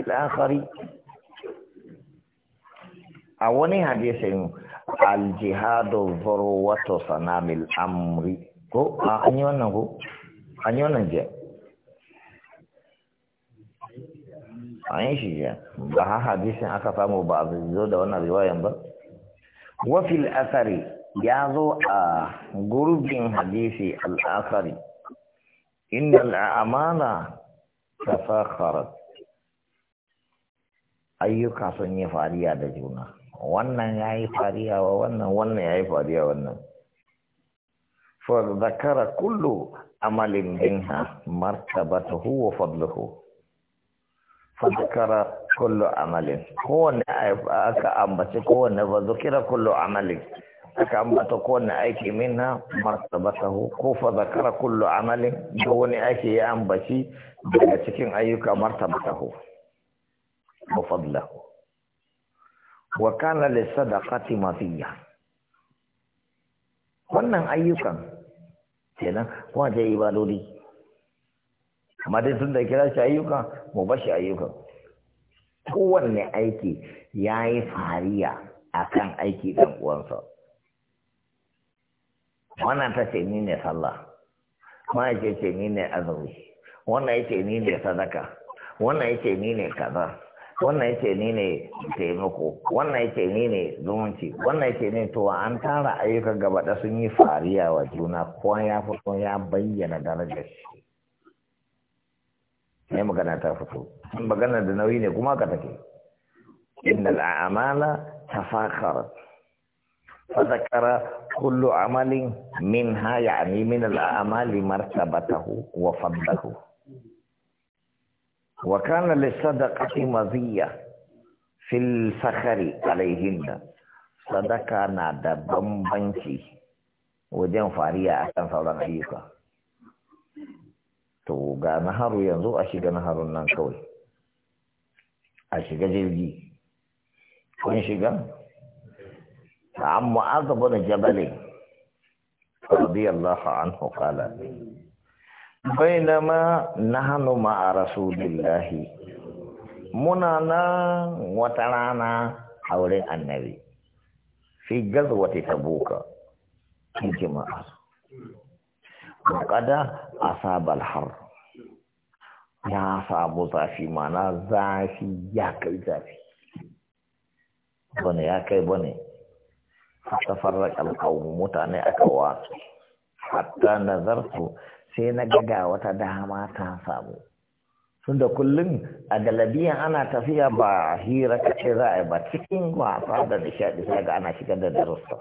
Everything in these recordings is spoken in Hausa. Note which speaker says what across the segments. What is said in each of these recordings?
Speaker 1: الآخر أولي حديث الجهاد صنام الأمر a an yi wannan aka samu ba zo da wannan riwayan ba wafil asari ya zo a gurbin hadisi al'asari ayyuka sun yi fariya da juna wannan ya yi fariya wa wannan wannan ya yi fariya wannan فذكر كل martaba منها مرتبته وفضله فذكر كل amalin هو aka ambaci kowane ba zukira kullu amali aka ambata kowane aiki minha martabatahu ko fa zakara kullu amalin da wani aiki ya ambaci daga cikin ayyuka martabatahu وفضله وكان للصدقة مطية wannan ayyukan kenan kuma ta yi baloli amma dai tun da kira shi ayyuka mu ba shi ayyukan kowanne aiki ya yi fariya a kan aiki ɗan uwansa wannan ta ce ni ne sallah wannan ya ce ni ne azumi wannan ya ce ni ne sadaka wannan ya ce ni ne kaza wannan ce ni ne taimako wannan yake ni ne zumunci wannan ce ni to an tara ayyukan gaba da sun yi fariya wa juna ko ya fito ya bayyana darajar shi ne magana ta fito magana da nauyi ne kuma ka take innal a'mala tafakhara fa zakara kullu amalin minha ya'ni min al a'mali martabatahu wa fadlahu wa kana li sadaqati maziyya fil sakhari alayhinna sadaqa na da bambanci wajen fariya akan sauran ayyuka to ga naharu yanzu a shiga naharun nan kawai a shiga jirgi kun shiga عن معاذ بن جبل رضي الله عنه قال bainama nahnu ma'a rasulillahi muna nan wata rana a wurin annabi fi gazwati tabuka jama'a wa kada asabal har ya samu zafi mana zafi ya kai zafi bane ya kai bane tafarraq al mutane aka wa hatta nazartu sai na gaga wata dama ta samu tunda kullum a galabiyan ana tafiya ba hira ce za a yi ba cikin wasa da nishaɗi sai ga ana shigar da darussa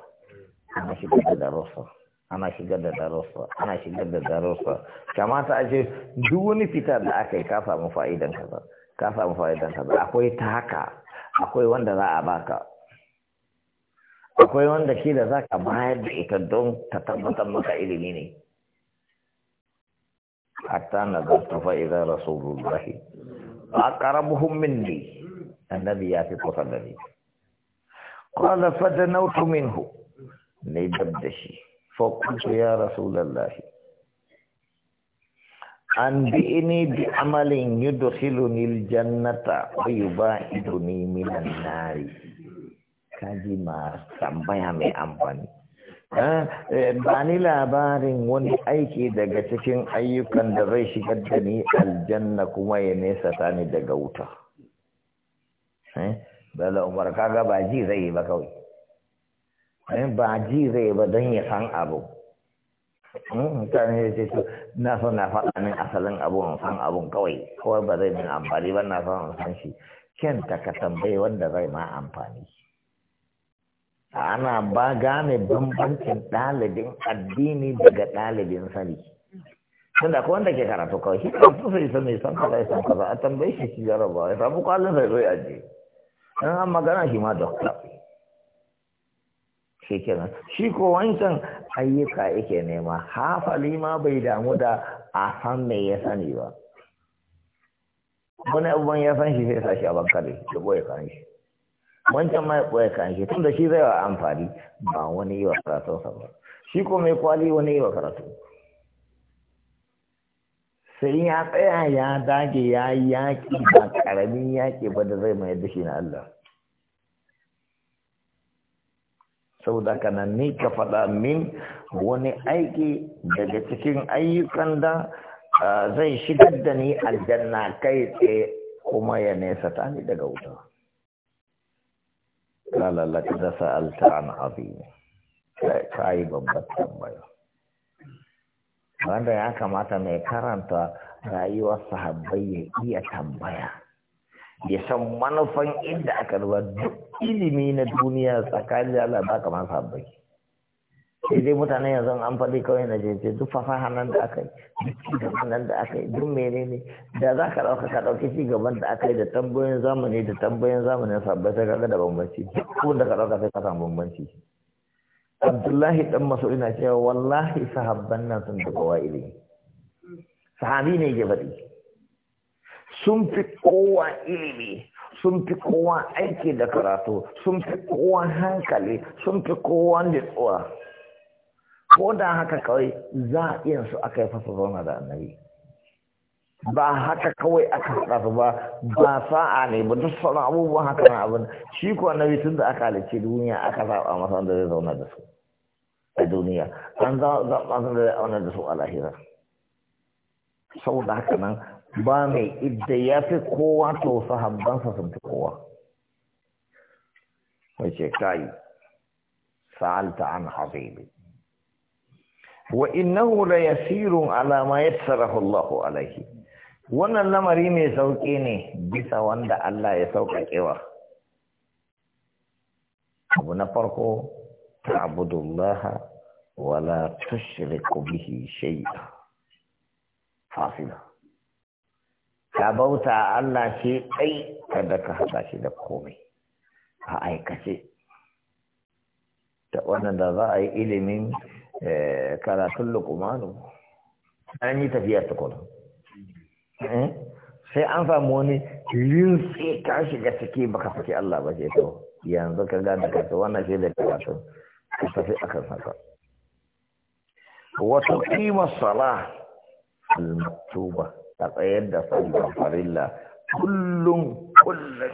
Speaker 1: ana shigar da darussa ana shigar da darussa ana shigar da darussa kamata a ce duk wani fita da aka yi ka samu fa'idan kaza ka samu fa'idan kaza akwai ta haka akwai wanda za a baka akwai wanda shi da za ka bayar da ita don ta tabbatar maka ilimi ne hatta nazarta fa idza rasulullah aqrabuhum minni annabi ya fi kusa da ni qala fadanautu minhu ne fa qultu ya rasulullah an bi ini bi amalin yudkhiluni jannata wa yubahiduni minan nari kaji ma tambaya mai amfani Eh, ba ni labarin wani aiki daga cikin ayyukan da zai shigar da ni aljanna kuma ya nesa ta ni daga wuta bala umar kaga ba ji zai ba kawai ba ji zai ba don ya san abu hmm? mutane ya ce to na so na faɗa min asalin abu in san abun kawai kawai ba zai min amfani ba na so in san shi kyan ka tambayi wanda zai ma amfani ana ba gane bambancin ɗalibin addini daga ɗalibin sani tun da wanda ke karatu kawai shi kan sai isa mai san kaza isa kaza a tambaye shi shi jaraba ya samu kwallon sai zai aje in an magana shi ma dokta shi kenan shi ko wancan ayyuka yake nema hafali ma bai damu da a san me ya sani ba wani abubuwan ya san shi sai sa shi a bankare da boye kan shi wancan ma ya ɓoye kan shi tun da shi zai wa amfani ba wani yi wa ba shi ko mai kwali wani yi wa karatu sai ya tsaya ya dage ya yaki yaƙi ba ƙaramin yaƙi ba da zai mai da shi na Allah saboda kana ni ka faɗa min wani aiki daga cikin ayyukan da ah, zai shigar da ni aljanna kai tsaye kuma ya nesa ta ni daga wuta قال لقد سألت عن عظيم yi babbar tambaya wanda ya kamata mai karanta rayuwar sahabbai ya iya tambaya ya san manufan inda aka ruwa duk ilimi na duniya tsakanin Allah ba kamar sahabbai sai dai mutane yanzu an faɗi kawai na jirgin duk fafa nan da aka yi duk nan da aka yi duk ne? da za ka ɗauka ka ɗauki gaban da aka yi da tambayoyin zamani da tambayoyin zamanin sabbai sai kaga da bambanci duk da ka ɗauka sai ka samu bambanci abdullahi dan masu ina cewa wallahi sahabban nan sun daga wa'ili sahabi ne ke faɗi sun fi kowa ilimi sun fi kowa aiki da karatu sun fi kowa hankali sun fi kowa nitsuwa ko da haka kawai za a iya su aka yi fasa zauna da annabi ba haka kawai aka haɗa su ba ba sa'a ne ba duk sauran abubuwan haka na abin shi ko annabi tun da aka halicci duniya aka zaɓa masa wanda zai zauna da su a duniya an zaɓa masa da zai zauna da su a lahira saboda haka nan ba mai idda ya fi kowa to sahabbansa sun fi kowa wace kai sa'alta an habibi wa innahu la yasirun ala ma yassarahu Allahu alayhi wannan lamari mai sauki ne bisa wanda Allah ya sauƙaƙewa abu na farko ta'budullah wa la tushriku bihi shay'a fasila ka bauta Allah ce kai kada ka hada shi da komai a aikace ta wannan da za a yi ilimin Eh, karatun lukumanu an yi tafiya tukuna eh, sai an samu wani rintse ka shiga ciki baka saki Allah ba ce to yanzu ka ga da wannan shi da kasu ka tafi akan haka wato kima sala al-maktuba ta tsayar da sallar farilla kullum kullum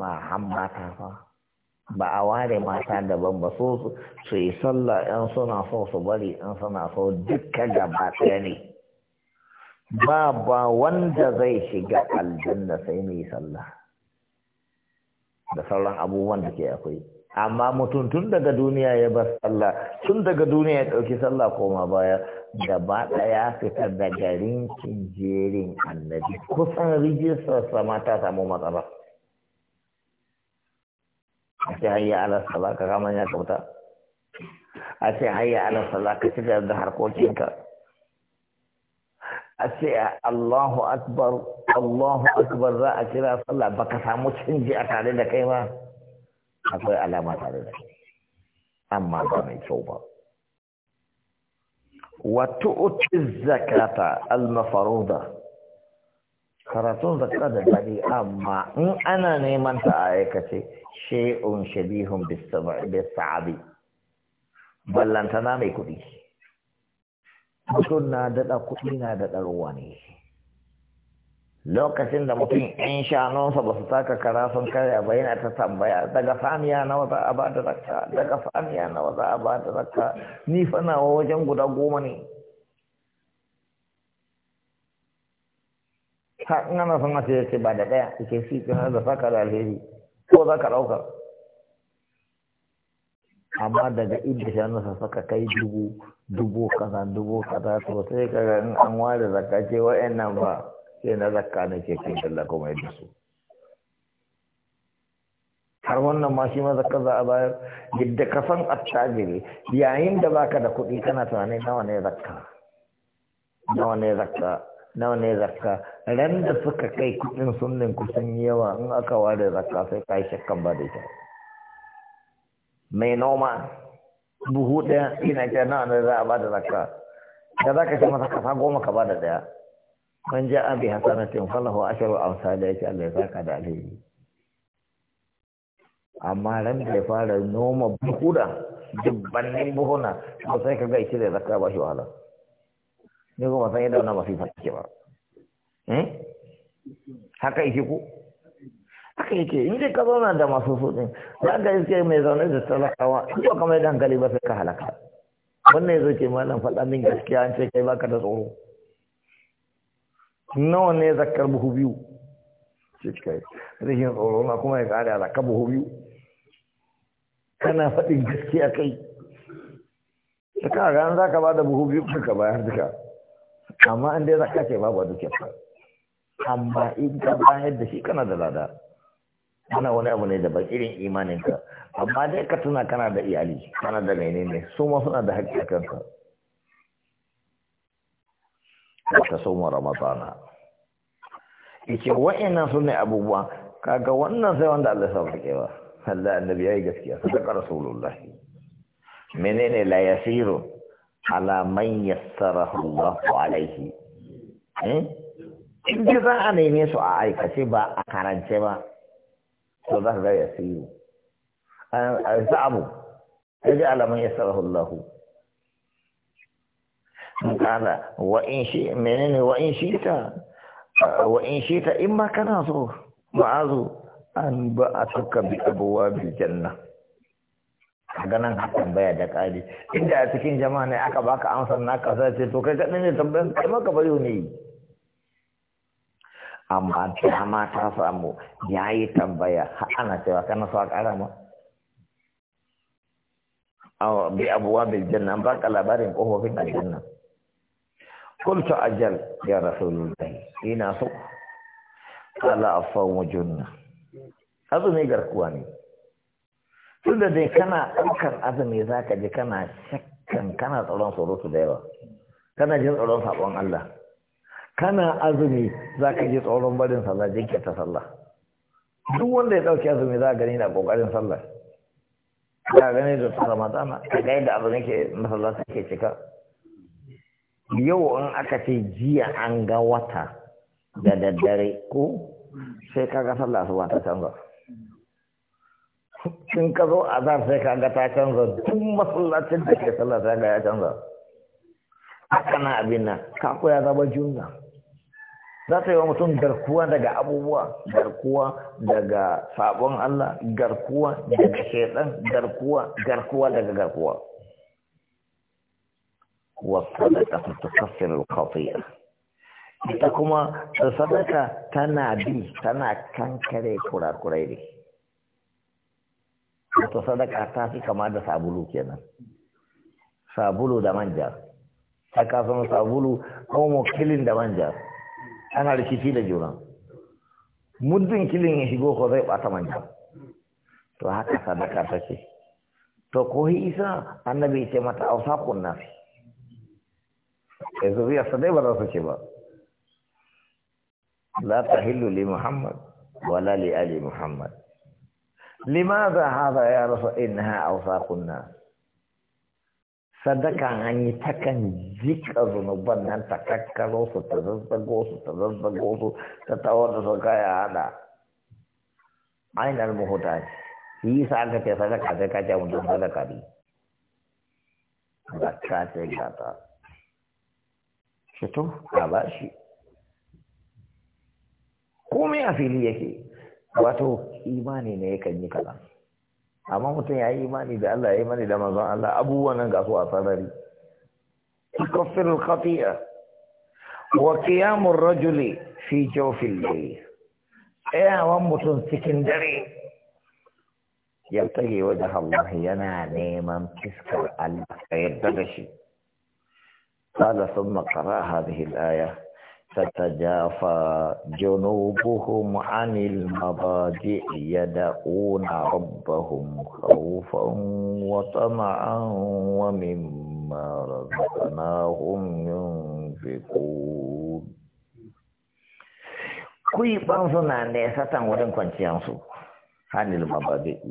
Speaker 1: ma hamma ta fa ba a ware mata daban ba so su yi sallah ɗan suna so su bari ɗan suna so dukkan gaba ɗaya ne ba ba wanda zai shiga da sai mai sallah da sauran abubuwan da ke akwai amma mutum tun daga duniya ya bar sallah tun daga duniya ya ɗauki sallah koma baya gaba ɗaya fita da garin jerin annabi kusan rijistar sama ta samu matsala أتي هيا على الصلاة كما يكتب تا أتي هيا على الصلاة كتير الظهر كوتين أتي الله أكبر الله أكبر ذا أتي صلاة بك مش تنجي أتعلم أيوة. لك إما أتي على ما تعلي لك أما دامي توبة وتؤتي الزكاة المفروضة karatun zakka da dadi amma in ana neman ta a aikace shay'un shabihun bis-sa'abi ballantana mai kuɗi mutum na daɗa kuɗi na daɗa ruwa ne lokacin da mutum in shanunsa ba su taka kara sun karya ba yana ta tambaya daga saniya nawa za a ba da zakka daga saniya nawa za a ba da zakka ni fa nawa wajen guda goma ne Ka in ana son a ce ba da ɗaya ake shi ke har da saka da alheri ko za ka ɗauka amma daga inda shi ana saka kai dubu dubu kaza dubu kaza to sai ka ga in an ware zakka ce nan ba sai na zakka ne ke kin dalla kuma yadda su har wannan ma shi ma zakka za a bayar yadda ka san attajiri yayin da baka da kuɗi kana tunanin nawa ne zakka nawa ne zakka nawa ne zakka ran da suka kai kudin sunnin kusan yawa in aka ware zakka sai kai shakkan ba da ita mai noma buhu ɗaya ina ce nawa ne za a ba da zakka da za ka ce masa kasa goma ka ba da ɗaya man ja abi hasanatin falahu asharu amsal yake Allah ya saka da alheri amma ran da ya fara noma da dubbannin buhuna to sai ka ga ita da zakka ba shi wahala ne ko san yadda wannan masifa take ba eh? haka yake ko haka yake in dai ka zauna da masu so din za ka iske mai zaune da talakawa in ba kamar yadda hankali ba sai ka halaka wannan ya zo ma malam faɗa min gaskiya an ce kai baka da tsoro nawa ne zakar buhu biyu ce kai rikin tsoro na kuma ya kare ka buhu biyu kana faɗin gaskiya kai Saka ga an za ka ba da buhu biyu ka bayar duka amma an dai zaka ce babu dukiyar ka amma in ka bayar da shi kana da lada ana wani abu ne daban irin imanin ka amma dai ka tuna kana da iyali kana da ne. su ma suna da haƙƙi kanka ka soma ramadana yace wa'annan su ne abubuwa kaga wannan sai wanda Allah ya sauke ba Allah annabi yayi gaskiya sadaka rasulullahi menene la yasiru ala man yassarahu Allah alaihi eh idan za a neme su a aikace ba a karance ba to za ka ga yasiru za abu sai ji ala man yassarahu Allah kana wa in shi menene wa in shi ta wa in shi ta in ma kana so ma'azu an ba a tuka bi abuwa bi janna kaga nan ka tambaya da ƙari inda a cikin jama'a ne aka baka amsar naka sai ce to kai ka ne tambayan kai maka bayo ne amma ta ma ta samu ya yi tambaya ana cewa kana so a ƙara ma bi abuwa bil janna ba ka labarin ƙofofin aljanna قلت ajal ya rasulullahi ina so ala قال junna جنة هذا نيجر ne. tun da dai kana ɗaukar azumi za ka ji kana shakkan kana tsoron su da yawa kana jin tsoron saƙon Allah kana azumi za ka ji tsoron barin sallah jinkirta sallah duk wanda ya ɗauki azumi za gani na ƙoƙarin sallah ya gani da tsara matana ka ga da abin yake masallaci ke cika yau in aka ce jiya an ga wata da daddare ko sai ka ga sallah su ba ta canza sun ka zo azar sai ka ga ta canza duk masallacin da ke sallah sai ga ya canza haka na abin nan ka koya zaba juna za ta yi wa mutum garkuwa daga abubuwa garkuwa daga sabon Allah garkuwa daga shaidan garkuwa garkuwa daga garkuwa ta tukaffir al-khati'a ita kuma sadaka tana bi tana kankare kurakurai ne wato sadaka ta fi kama da sabulu kenan sabulu da manja ta kasan sabulu homo kilin da manja ana rikici da juna muddin kilin ya shigo ko zai bata manja to haka sadaka ta ce to ko isa annabi ce mata ausakun nafi yanzu ya sadai ba za su ce ba la tahillu li muhammad wala li ali muhammad limaza haza ya rasu innaha awsaqun kunna? sadakan an yi takan jika zunuban nan ta kakkaro ta zazzago su ta zazzago su ta tawar da kaya hada ainihin mahuta shi yi sa aka ce sadaka sai a a fili yake imani ne yakan yi kaza amma mutum ya yi imani da Allah ya yi imani da manzon Allah abubuwan nan ga su a sarari al khati'a wa qiyam ar-rajul fi al layl ya wa mutum cikin dare ya tage wajen Allah yana neman fiskar Allah ya yarda da shi قال ثم قرأ هذه الآية Sata jafa janogunan an ilmaba jiya, ya dawo na raba hauka, wata ma an wani mara na hanyar fiye kuɗi. Kuyi ɓanzu na nefa a wurin kwanciyarsu, an ilmaba jiya.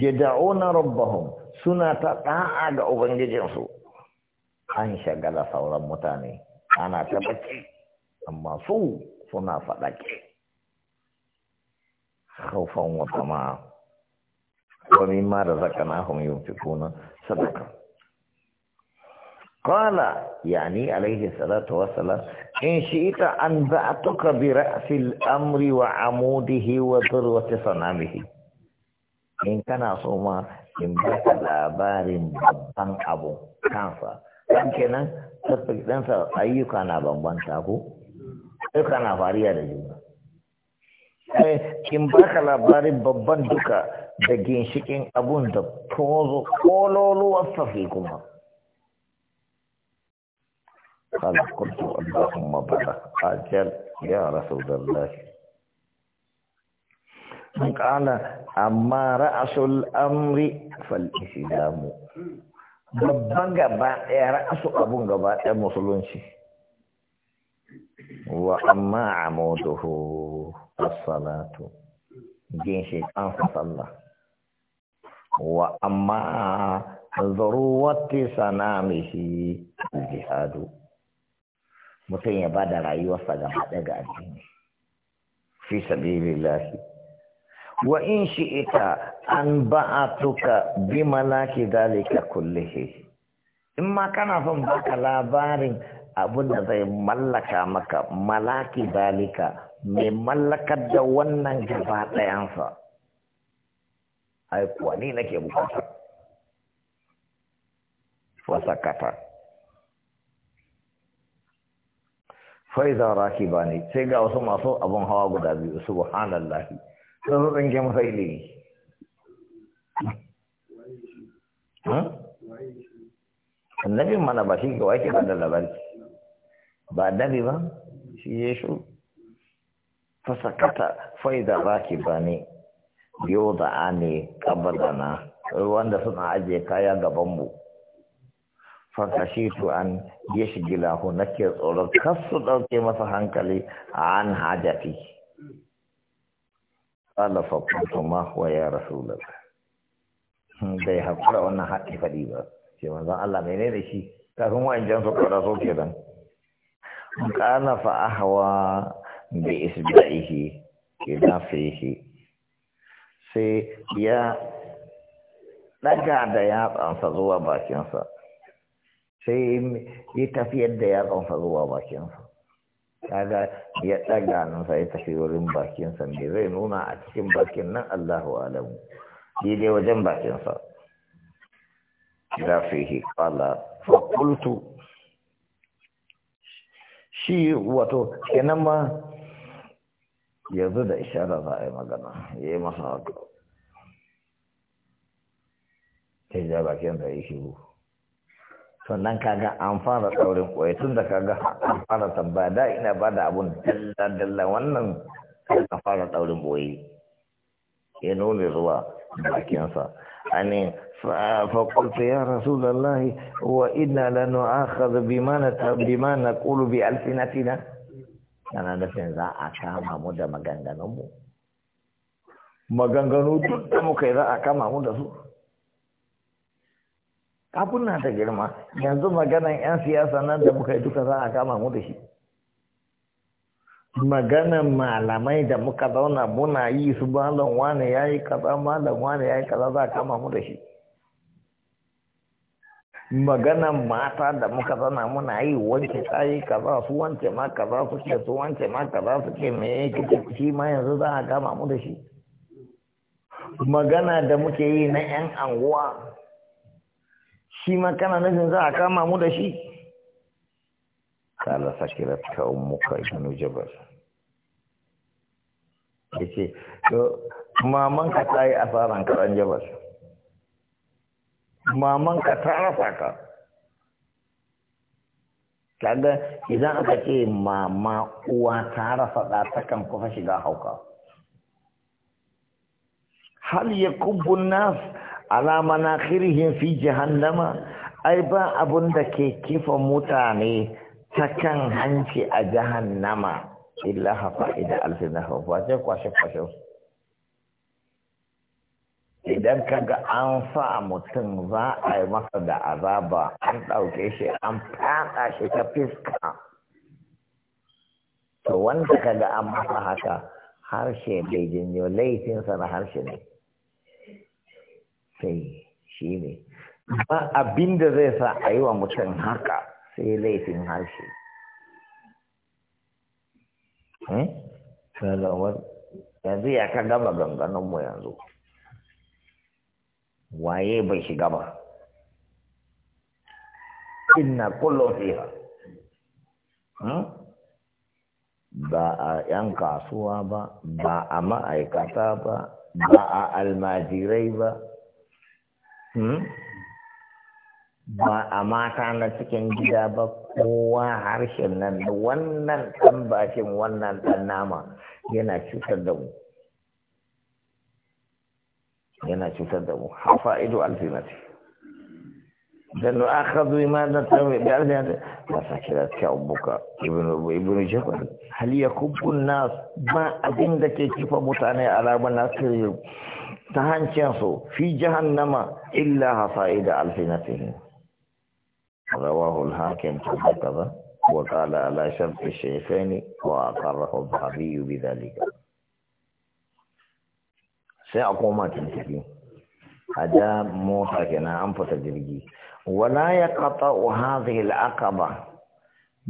Speaker 1: Ya dawo na raba homa, suna ta ɗa'a ga abin gijinsu. An sha mutane, ana ta amma su suna faɗaƙe haufan wata ma wani ma da zaka na hun yau fikunan sadaka ni yani alaihi salatu wasala, in shi ita an za'atuka bi ra'sil amri wa amudihi wa zurwati sanamihi in kana so ma in baka labarin babban abu kansa ɗan kenan tafi ɗansa ayyuka na bambanta ko sai kana fariya da juna eh, in baka labarin babban duka da ginshikin abun da tozo kololuwar safi kuma قال قلت اللهم بلغ أجل يا رسول الله قال أما رأس الأمر فالإسلام babban gaba ɗaya ra'asu abun gaba ɗaya musulunci وأما عموده الصلاة جنشي أنف صلى وأما ذروة سنامه الجهاد متين يبادى رأيو فلما دقى في سبيل الله وإن شئت أن بعثك بملاك ذلك كله إما كان لا لابارين Abin da zai mallaka maka malaki dalika mai mallakar da wannan gaba ɗayansa aikuwa kuwa ni nake bukata wasakata faiza raki ba ne sai ga wasu masu abin hawa guda biyu lafi sun su tsinke masa ne hmm? annabin mana ba shi ga wake da labari ba dabi ba shi ya shu fasakata faida raki ba ne yau da a ne kabadana wanda suna ajiye kaya gabanmu su an ya shigila na ke tsoron kasu ɗauke masa hankali a an hajati alafa kuma wa ya rasulat hmm, bai haƙura wannan haɗi faɗi ba ce manzan Allah ne da shi kafin jan su ƙwara so nan. قال فأهوى بإسبعه كنفه sai ya daga da yatsansa zuwa bakinsa sai ya tafiyar da yatsansa zuwa bakinsa kaga ya nan sai ya tafi wurin bakinsa ne zai nuna a cikin bakin nan Allahu alamu shi dai wajen bakinsa da fihi qala fa qultu shi wato kenan ma yanzu da ishara za a yi magana ya yi masa haka ta ja yanzu a yi shiru sannan kaga an fara tsaurin koyi tun da kaga an fara tambaya da ina ba da abun dalla-dalla wannan an fara tsaurin koyi ya nuna zuwa bakinsa ainihin فقلت يا رسول الله وإنا لنؤاخذ بما بما نقول بألسنتنا أنا نفسي ذا أكام مدى مغنغنمو maganganu duk da muka yi za a kama mu da su kafin na ta girma yanzu maganan 'yan siyasa nan da muka yi duka za a kama mu da shi maganan malamai da muka zauna muna yi su malam wane ya yi kaza malam wane ya yi kaza za a kama mu da shi maganan mata da muka zana muna yi wanke ka za su wance ma za su ke su wance ma za su ke me kike shi ma yanzu za a gama mu da shi magana da muke yi na yan anguwa shi ma kana nufin za a kama mu da shi kala sakirat ka ummuka ibnu jabal yace to maman ka a asaran karan jabal mamanka ta rasa ka kaga idan aka ce mama uwa ta rasa ta takan kusa shiga hauka hal yakubbun nas ala manakhirihim fi jahannama ai ba abun da ke kifa mutane ta kan hanci a jahannama illa hafa ida alfinahu ba ce kwashe kwashe idan kaga an sa mutum za a yi masa da azaba an ɗauke shi an fada shi ta fiska to wanda kaga an masa haka harshe bai janyo laifinsa na harshe ne sai shi ne ba abin da zai sa a yi wa mutum haka sai laifin harshe eh? yanzu ya ka gama ganganonmu yanzu waye bai shiga ba inna kullum fiha hmm? ba a yan kasuwa ba ba a ma'aikata ba ba a almajirai ba hmm? ba a mata na cikin gida ba kowa harshen nan wannan ɗan bashin wannan ɗan nama yana cutar da mu yana cutar da mu hafa ido alfinati dan da aka zo ma da tawe da alfinati ba sa kira ta abuka ibn ibn jabal hal yakubbu nas ba abin da ke kifa mutane a rabar nasir ta hancin su fi jahannama illa hasaida alfinatihim rawahu al-hakim kaza wa qala ala shartu shaykhani wa aqarrahu al-dhahabi bidhalika sai a koma tuntuɓi a da mota kenan an fita jirgi wala ya kafa hadhihi al-aqaba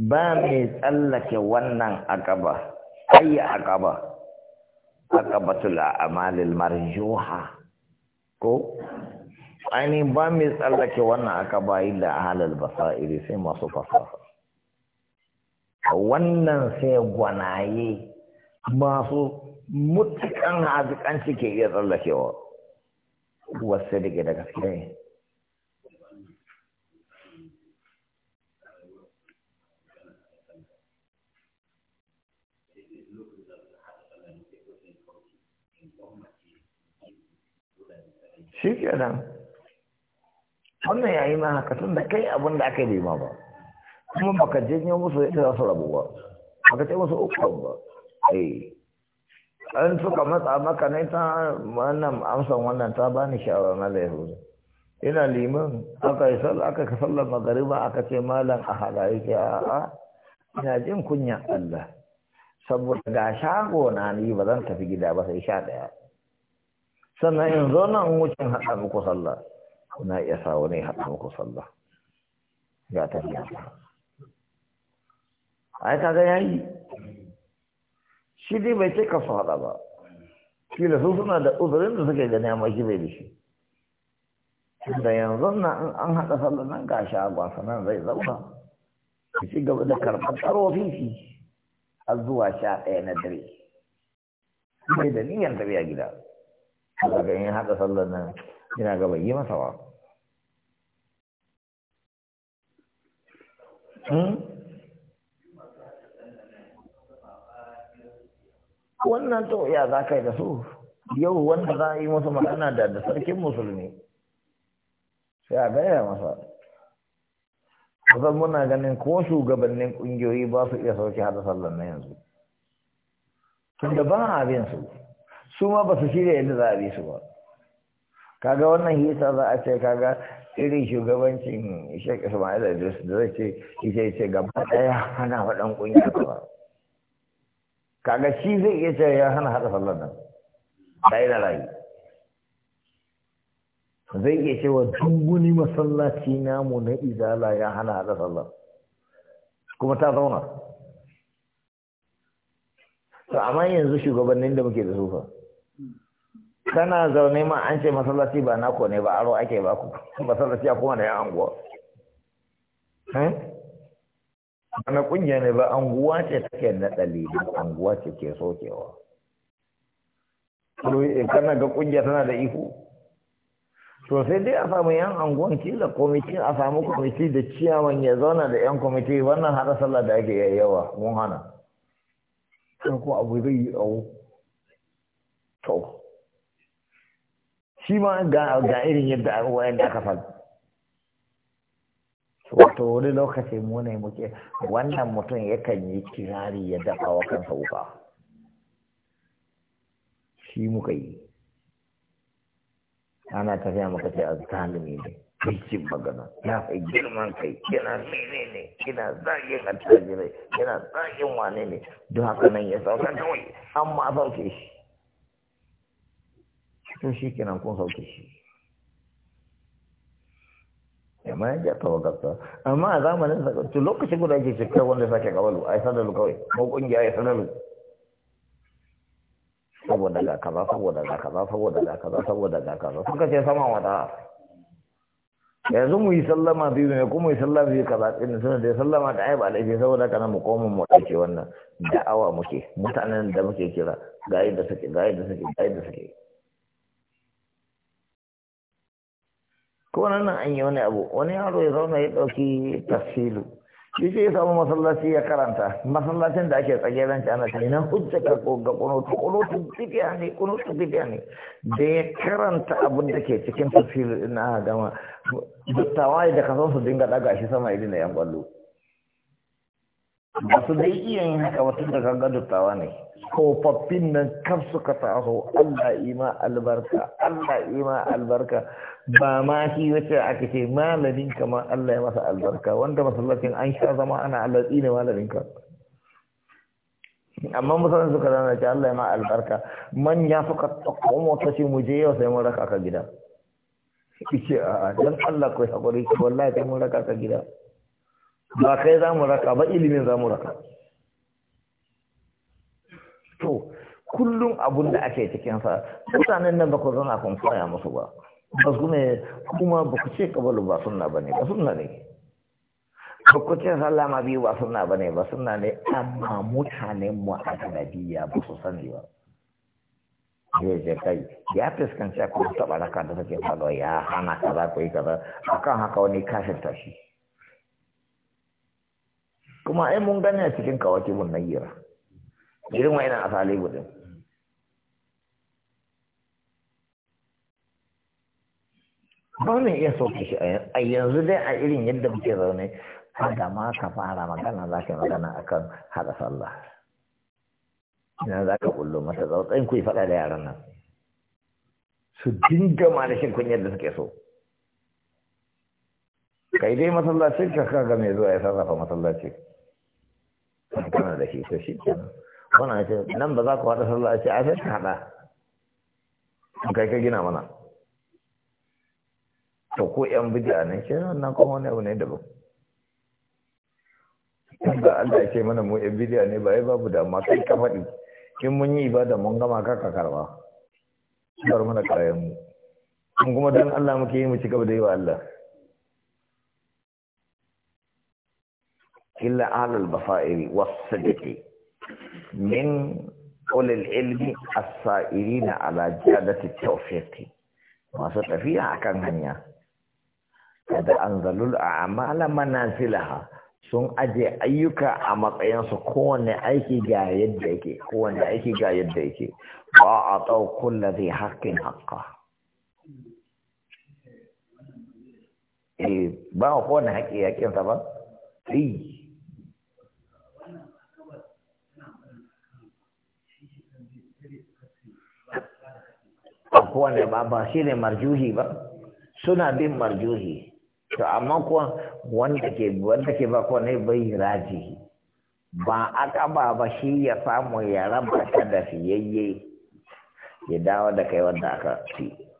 Speaker 1: ba mai tsallake wannan aqaba ayi aqaba aqabatul a'malil marjuha ko aini ba mai tsallake wannan aqaba illa ahlul basairi sai masu fasaha wannan sai gwanaye masu mutukan hazikan ke iya tsallakewa wasu da da gaske ne shi ke nan wannan yayi yi haka tun da kai abin da aka yi ma ba kuma baka janyo musu yadda za su rabu ba baka ce musu uku ba eh an suka matsa maka ne ta wannan amsan wannan ta bani shawara na da yahudu ina liman aka yi sallah aka ka sallar magariba aka ce malam a halaye ke a'a ina jin kunya Allah saboda ga shago na ni ba zan tafi gida ba sai sha daya sannan in zo nan wucin haɗa muku sallah kuna iya sa wani haɗa muku sallah ga tafiya ai kaga yayi shi dai bai cika ka su haɗa ba da su suna da uzurin da suke gani amma shi bai da shi da yanzu na an haɗa sallar nan ga gwasa nan zai zauna ka ci gaba da karɓar ƙarofin shi. a zuwa sha ɗaya na dare mai da niyyar tafiya gida daga yin haɗa sallar nan yana gaba yi masa ba hmm? wannan to ya za ka yi da su yau wanda za a yi masa magana da da sarkin musulmi sai a gaya masa kusan muna ganin ko shugabannin ƙungiyoyi ba su iya sauke hada sallar na yanzu tunda ba a bin su su ma ba su shirya yadda za a bi su ba kaga wannan hita za a ce kaga irin shugabancin shek ismail da zai ce ce gaba ɗaya hana faɗan ƙungiyar ba kaga shi zai iya cewa ya hana haɗa sallar nan da yana rayu zai iya cewa duk masallaci namu na izala ya hana haɗa sallar kuma ta zauna to amma yanzu shugabannin da muke da sufa kana zaune ma an ce masallaci ba nako ne ba aro ake ba ku masallaci akwai kuma da yan anguwa eh? wani kungiya ne ba anguwa ce take na dalilin anguwa ce ke sokewa eh, kana ga kungiya tana da ihu to sai dai a samu yan anguwan kila komiti, a samu komiti da ciyaman ya zauna da yan komiti, wannan hada sallah da ake yawa mun hana sai ko abu zai yi awo to shi ma ga irin yadda wayan da aka faɗi wato wani lokaci mu ne muke wannan mutum yakan yi kirari ya dafa wa kansa wuka shi muka yi ana tafiya muka ce a zalimi ne bikin magana ya fi girman kai yana mene ne yana zagin attajirai yana zagin wane ne don haka nan ya sauka kawai an ma sauke shi to shi kenan kun sauke shi ya ma ya gasa, amma a zamanin sa to lokacin guda ake shi wanda sake gabalu ai sanar kawai ko kungiya ai sanar saboda ga kaza saboda ga kaza saboda ga kaza saboda ga kaza sun ce sama wata yanzu mu yi sallama biyu mai kuma yi sallama biyu kaza din sun da sallama da ai ba saboda kana mu koma mu dace wannan da'awa muke mutanen da muke kira ga yadda suke ga yadda suke ga yadda suke ko nan an yi wani abu wani yaro ya zauna ya ɗauki tafsilu shi sai ya samu masallaci ya karanta masallacin da ake ci ana ta ina hujja ka ga kunutu kunutu bidiya ne ne da ya karanta abin da ke cikin tafsilu ina gama dattawa da kasan su dinga daga shi sama idina yan kwallo ba su dai iya yin haka wasu da kaga dattawa ne kofaffin nan kan suka taho Allah ima albarka Allah ima albarka ba ma shi wace aka ce malamin kama Allah ya masa albarka wanda masallacin an sha zama ana alatsi ne malamin ka amma musamman suka zana ce Allah ya ma albarka manya suka tsakko mota ce mu je yau sai mun raka ka gida ce a dan Allah kai hakuri wallahi sai mun raka ka gida ba kai za mu raka ba ilimin za mu raka to kullum abun da ake cikinsa mutanen nan ba ku zana kun koya musu ba ba su ne kuma ba ku ce kabalu ba sunna ba ne ba sunna ne ba ku ce sallama biyu ba sunna ba ne ba sunna ne amma mutanen mu a sanadiyya ba su sani ba zai je kai ya fuskanci a kuma taɓa raka da take faɗo ya hana kaza ko yi kaza akan haka wani kashin tashi kuma ai mun gani a cikin kawaki mun nayyira irin ina asali gudun ba ne iya soke shi a yanzu dai a irin yadda muke zaune da ma ka fara magana za ka magana a kan haɗa sallah ina za ka kullo mata zautsayin ku yi faɗa da yaran nan su dinga ma da kunyar da suke so kai dai masallaci ka kaga mai zuwa ya sarrafa masallaci. da shi to shi wannan ce nan ba za ku haɗa sallah a ce a sai ka haɗa kai ka gina mana to ko yan bid'a ne ke wannan ko wani abu ne daban da Allah ya ce mana mu yan bid'a ne ba ai babu da amma kai ka faɗi Kin mun yi ibada mun gama ka ka karba kar mana kayan mu kuma dan Allah muke yi mu ci gaba da yi wa Allah إلا أهل البصائر والصدق من أولي العلم السائرين على جادة التوفيق ما ستفيها كان هنيا قد أنزلوا الأعمال منازلها sun aje ayyuka a matsayinsu kowane aiki ga yadda yake kowane aiki ga yadda yake ba a tsau kulla zai haƙƙin haƙƙa eh ba kowane haƙƙi yaƙinsa ba eh kowane ba ba shi ne marjuhi ba suna bin marjuhi to amma kuwa wanda ke wanda ke ba kuwa ne bai rajihi ba ba shi ya samu ya raba ta da fiyayye ya dawo da kai wanda aka fi